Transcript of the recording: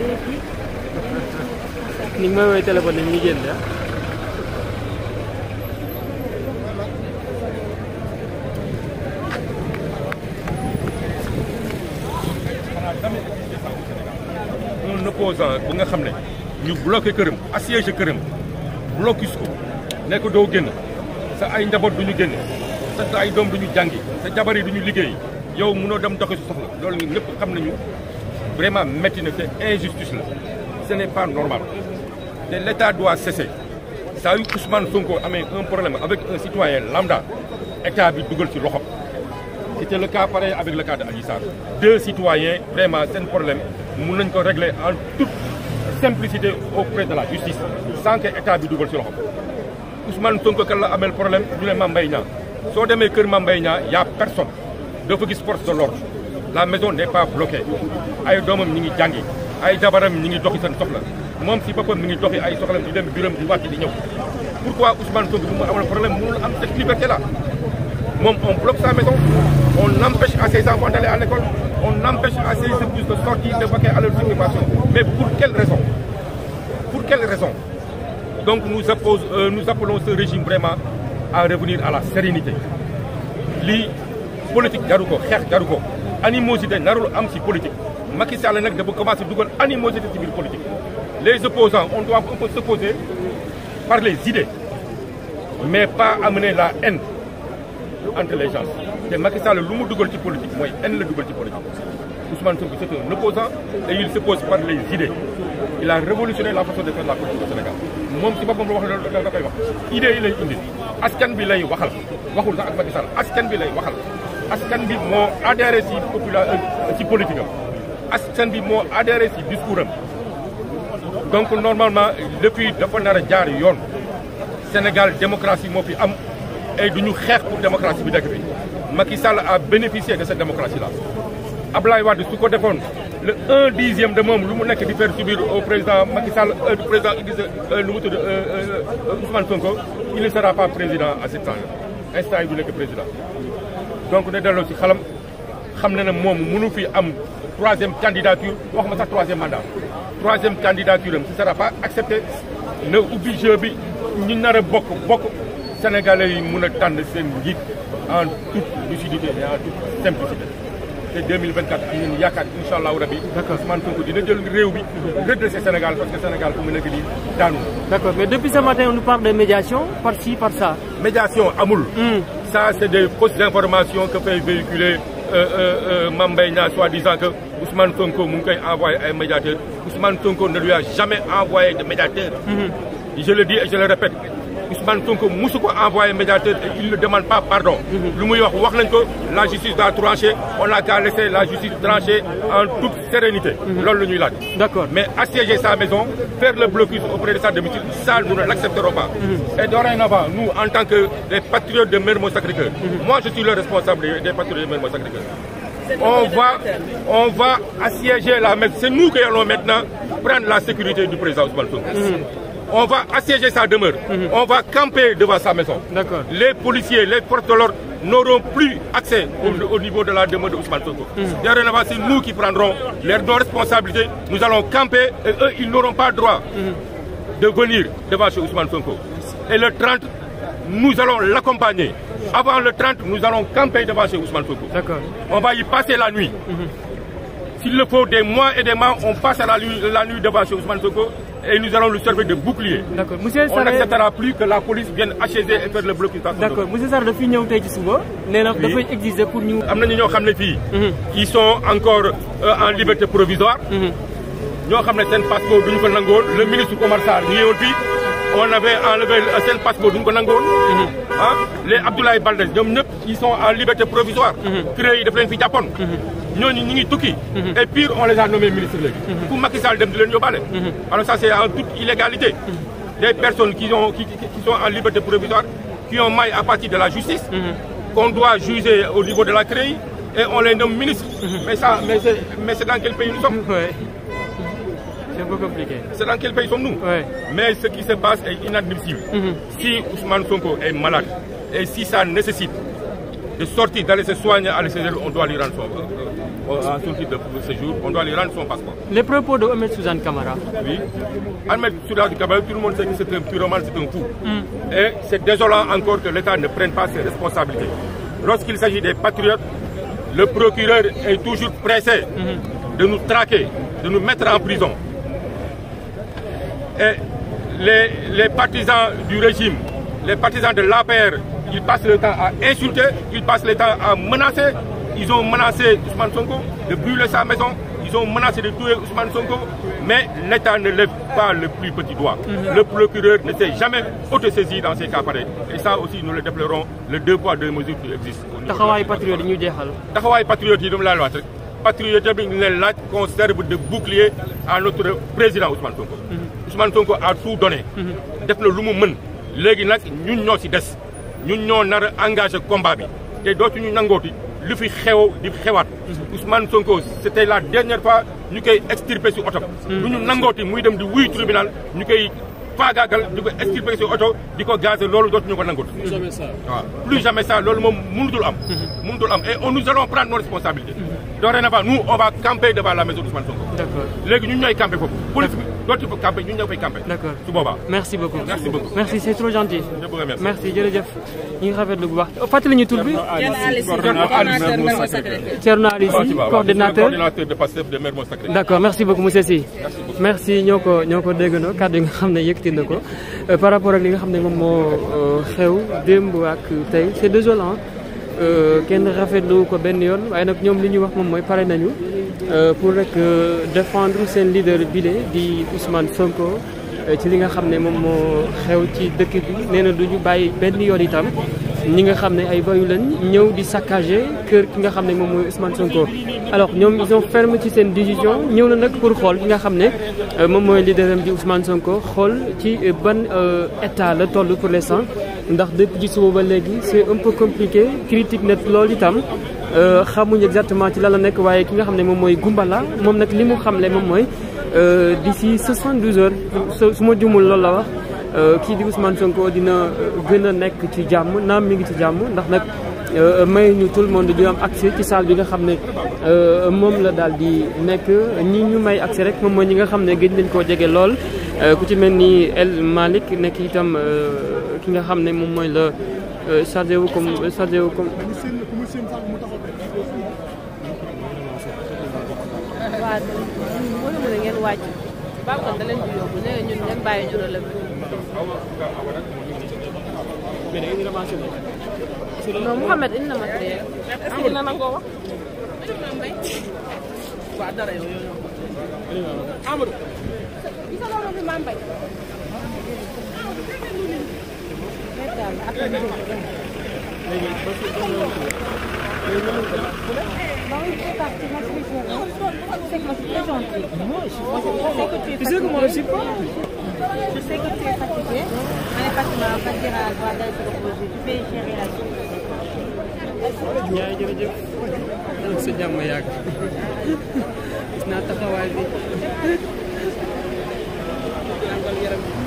ni nga may woowee téléphone ni ñuy génn ah. un opposant bu nga xam ne ñu bloqué këram assiégé këram blocus ko nekk doo génn sa ay njaboot du ñu génn sa ay doom du ñu jàngi sa jabar yi du ñu liggéey yow mënoo dem doxi su soxla loolu ñun ñëpp xam nañu vraiment métti na te injustice la ce n'est pas normal te l'État doit cesser saa yu Ousmane amee un problème avec un citoyen lambda bi dugal si loxo c'était le cas pareil avec le cas de Adji Sarr deux vraiment seen problème mun nañ ko régler en toute simplicité auprès de la justice sans que état bi dugal ci loxo Ousmane Sonko kan la amel problème ñu ne Mame Mbaye Niang soo demee kër Mame Mbaye Niang y a personne dafa gis force de l'ordre la maison n'est pas bloquée ay doomam ñi ngi jàngi ay jabaram ñi ngi doxi seen soxla moom si boppam mi ngi doxi ay soxlam di dem biram di wàcc di ñëw pourquoi Ousmane Sonko bu mu amoon problème mënul am cette liberté là moom on bloque sa maison on empêche à ses enfants d'aller à on empêche à ses épouses de sortir de vaquer à leur occupation mais pour quelle raison pour quelle raison donc nous appose euh, nous appelons ce régime vraiment à revenir à la sérénité lii politique jaru ko xeex jaru ko animosité narul am ci politique Macky Sall nag dafa commencé dugal animosité ci biir politique les opposants on doit un peu s'opposer par les idées mais am amener la haine entre les gens te Macky lu mu dugal ci politique mooy haine la dugal ci politique Ousmane Sonko c'est un opposant et il s'oppose par les idées il a révolutionné la façon de faire la politique au Sénégal moom ci boppam la wax la da koy wax i yi lay indi askan bi lay waxal waxul sax ak Macky Sall askan bi lay waxal askan bi moo adhéré ci popula euh, ci politique am bi moo adhéré ci discours am donc normalement lépp yi dafa nar a jaar yoon Sénégal démocratie moo fi am et du ñu xeex pour démocratie bi dëkk bi Macky Sall a bénéficié de cette démocratie là. Ablaye Wade su ko defoon le un dixième de moom lu mu nekk di faire subir au président Macky Sall euh, président Idrissa euh, nu mu tudd Ousmane Sonko il ne sera pas président à ce temps instant yi du nekk président donc ne delloo si xalam xam na ne moom mënu fi am troisième candidature wax ma sax troisième mandat troisième candidature am ce sera pas accepté na ubbi jeu bi ñi nar bokk bokk sénégalais yi mun a tànn seen njiit en toute lucidité et en toute simplicité te 2024 am nañu yaakaar incha allahu rabi. d'accord Ousmane Sonko dina jël réew bi. redresser Sénégal parce que Sénégal fu mu nekk nii daanu. d'accord mais depuis ce matin on nous parle de médiation par ci par ça. médiation amul. Hmm. ça c'est des fausses informations que fait véhiculer euh, euh, euh, Mame Mbaye Niang soi-disant que Ousmane Sonko mu ngi koy envoyé ay médiateurs Ousmane Sonko ne lui a jamais envoyé de médiateur. Hmm. je le dis et je le répète. Ousmane Sonko musu ko envoyé médiateur et il ne demande pas pardon. Mhm. lu muy wax wax nañ ko la justice doit trancher on a qu'à laisser la justice trancher en toute sérénité. Mhm. loolu la ñuy laaj. mais assiéger sa maison faire le blocus auprès de sa domicile ça nous ne l'accepterons pas. Mhm. et dorénavant nous en tant que des patriotes de Mermoz Sacré-Cœur. moi je suis le responsable des patriotes de Mermoz on va on va assiéger la maison c'est nous qui allons maintenant la sécurité du on va assiéger sa demeure. Mhm. On va camper devant sa maison. Les policiers, les portes de n'auront plus accès mhm. au, niveau de la demeure d'Ousmane Sonko. Mm -hmm. Dorénavant, c'est nous qui prendrons leurs nos responsabilités. Nous allons camper et eux, ils n'auront pas droit mhm. de venir devant chez Ousmane Sonko. Et le 30, nous allons l'accompagner. Avant le 30, nous allons camper devant chez Ousmane Sonko. On va y passer la nuit. S'il le faut des mois et des mois, on passe la la nuit devant et nous allons le servir de bouclier. D'accord. Monsieur Sarr on n'acceptera plus fi ñëw tey ci suba. nee na dafay exiger ñu. am nañu ñoo xam ne fii. Mhm. ils sont encore euh, en liberté provisoire. Mhm. ñoo xam ne seen passeport du ñu ko nangoon le ministre Omar Sarr ñu ñëwoon fii on avait enlevé seen passeport du ñu ko nangoon. Mhm. ah les Abdoulaye Baldé ñoom ñëpp ils sont en liberté provisoire. kuréel yi daf leen fi jàppoon. ñooñu ñu ngi tukki. Mhm. et pire on les a nommés ministres léegi. Mhm. ku Macky Sall dem di leen yóbbaale. Mhm. alors ça c'est en toute illégalité. des personnes qui ont qui, qui sont en liberté provisoire qui ont maille à partir de la justice. qu'on doit juger au niveau de la CREI et on les nomme ministres. mais ça mais c'est mais c'est dans quel pays nous sommes. Ouais. C'est un peu compliqué. C'est dans Si Ousmane Sonko est malade et si ça de sortir, d'aller se soigner à l'extérieur, on doit lui rendre son En euh, sortie passeport. Les propos de Ahmed Suzanne Kamara. Oui. Ahmed Suzanne Kamara, tout le monde sait que c'est un pyromane, c'est un coup. Mm. Et c'est désolant encore que l'État ne prenne pas ses responsabilités. Lorsqu'il s'agit des patriotes, le procureur est toujours pressé hmm. de nous traquer, de nous mettre en prison. Et les, les partisans du régime, les partisans de l'APR, ils passent le temps à insulter, ils passent le temps à menacer. Ils ont menacé Ousmane Sonko de brûler sa maison, ils ont menacé de tuer Ousmane Sonko, mais l'État ne lève pas le a petit doigt. Mm -hmm. Le procureur ne s'est jamais autosaisi dans ces cas pareils. Et ça aussi, nous le déplorons, le deux poids, deux mesures qui existe. taxawaayu patriote yi ñu jeexal. taxawaayu patriote yi dama laa laaj rek patriote bi ñu leen laaj qu'on serve de bouclier à notre président Sonko. Ousmane Sonko mhm. mhm. léegi nag ñun ñoo ci des. ñu ñoo nar a engagé combat bi te dootuñu nangooti lu fi xew di xewaat. Ousmane Sonko c'était la dernière fois ñu koy extirpé si oto. Mm. du ñu nangooti muy dem di wuy tribunal ñu koy. faagaagal di ko extirper si oto di ko gazer loolu dootuñu ko nangut waaw plus jamais ça loolu moom mënutul am mhm. mënutul am et on nous allons prendre nos responsabilités mhm. dorénavant nous on va camper devant la maison d'Ousmane Sonko léegi ñun ñooy camper foofu merci beaucoup merci c'est trop gentil merci jërëjëf ñu tur bi Thierno Aliou Sy coordinateur de Pastef de Mermoz Sacré d'accord merci beaucoup monsieur merci ñoo ko ñoo ko déggandoo kàddu nga xam ne respecté na ko euh, par rapport ak li nga xam ne moom moo euh, xew démb ak tey c'est désolant euh, kenn rafet rafetlu ko benn yoon waaye nag ñoom li ñuy wax moom mooy pare nañu pour rek défendre seen leader bile di Ousmane Sonko ci li nga xam ne moom moo xew ci dëkk bi nee na ñu bàyyi benn yoon itam ñi nga xam ne ay bayu lañ ñëw di saccagé kër ki nga xam ne moom mooy Ousmane Sonko alors ñoom ils sont fermes ci seen décision ñëw na nag pour xool ki nga xam ne euh, moom mooy leaderam di Ousmane Sonko xool ci euh, ban euh, état la toll pour les l'instant ndax depuis ci suba ba léegi c'est un peu compliqué critique na loolu itam xamuñ exactement ci lan la nekk waaye ki nga xam ne moom mooy Gumbala moom nag li mu ne moom mooy d'ici 72 heures su ma jumul loolu la wax. Euh, kii di Ousmane Sonko dina euh, gën a nekk ci jàmm naam mi ngi ci jàmm ndax nag euh, may ñu tout le monde di am accès ci salle bi nga xam ne moom la daal di nekk ñi ñu may accès rek moom mooy ñi nga xam ne gëj nañ koo jege lool. ku ci mel ni El Malick nekk itam ki nga xam ne moom mooy la chargé wu comme chargé wu comme. Babacar da leen di yóbbu ne ñun ngeen bàyyi ñu relève bi. non Mouhamed indi na matériel. amul ah, na nangoo wax. waaw dara yow Tu sais que moi aussi pas Je sais que tu es fatiguée. On est fatigué, on va dire à Guada de se reposer. Tu peux gérer la chose. jërëjëf sa jàmm yàgg gis naa taxawaay bi.